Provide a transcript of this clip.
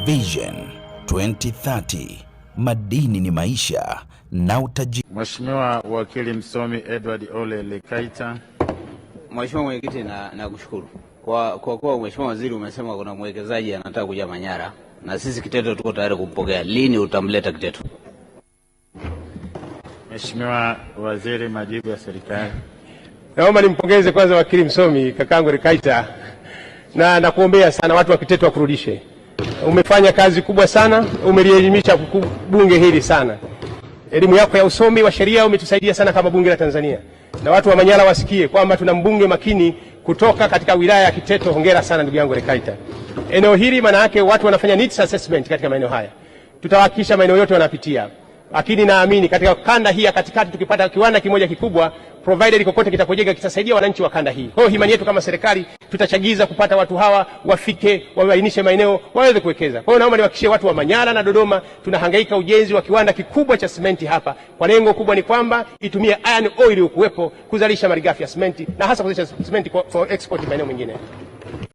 Vision 2030 madini ni maisha na utajiri. Mheshimiwa Wakili Msomi Edward Ole Lekaita. Mheshimiwa Mwenyekiti, nakushukuru kwa kwa kuwa kwa Mheshimiwa Waziri umesema kuna mwekezaji anataka kuja Manyara na sisi Kiteto tuko tayari kumpokea. Lini utamleta Kiteto? Mheshimiwa Waziri, majibu ya serikali. Naomba nimpongeze kwanza wakili msomi kakangu Lekaita na nakuombea sana watu wa Kiteto wakurudishe Umefanya kazi kubwa sana, umelielimisha bunge hili sana. Elimu yako ya usomi wa sheria umetusaidia sana kama bunge la Tanzania, na watu wa Manyara wasikie kwamba tuna mbunge makini kutoka katika wilaya ya Kiteto. Hongera sana ndugu yangu rekaita Eneo hili maana yake watu wanafanya needs assessment katika maeneo haya, tutawahakikisha maeneo yote wanapitia lakini naamini katika kanda hii ya katikati tukipata kiwanda kimoja kikubwa, provided kokote kitakojega kitasaidia wananchi wa kanda hii. Kwa hiyo imani yetu kama serikali tutachagiza kupata watu hawa wafike, wabainishe maeneo waweze kuwekeza. Kwa hiyo naomba niwahakikishie watu wa Manyara na Dodoma, tunahangaika ujenzi wa kiwanda kikubwa cha simenti hapa, kwa lengo kubwa ni kwamba itumie iron ore iliyokuwepo kuzalisha malighafi ya simenti na hasa kuzalisha simenti for export maeneo mengine.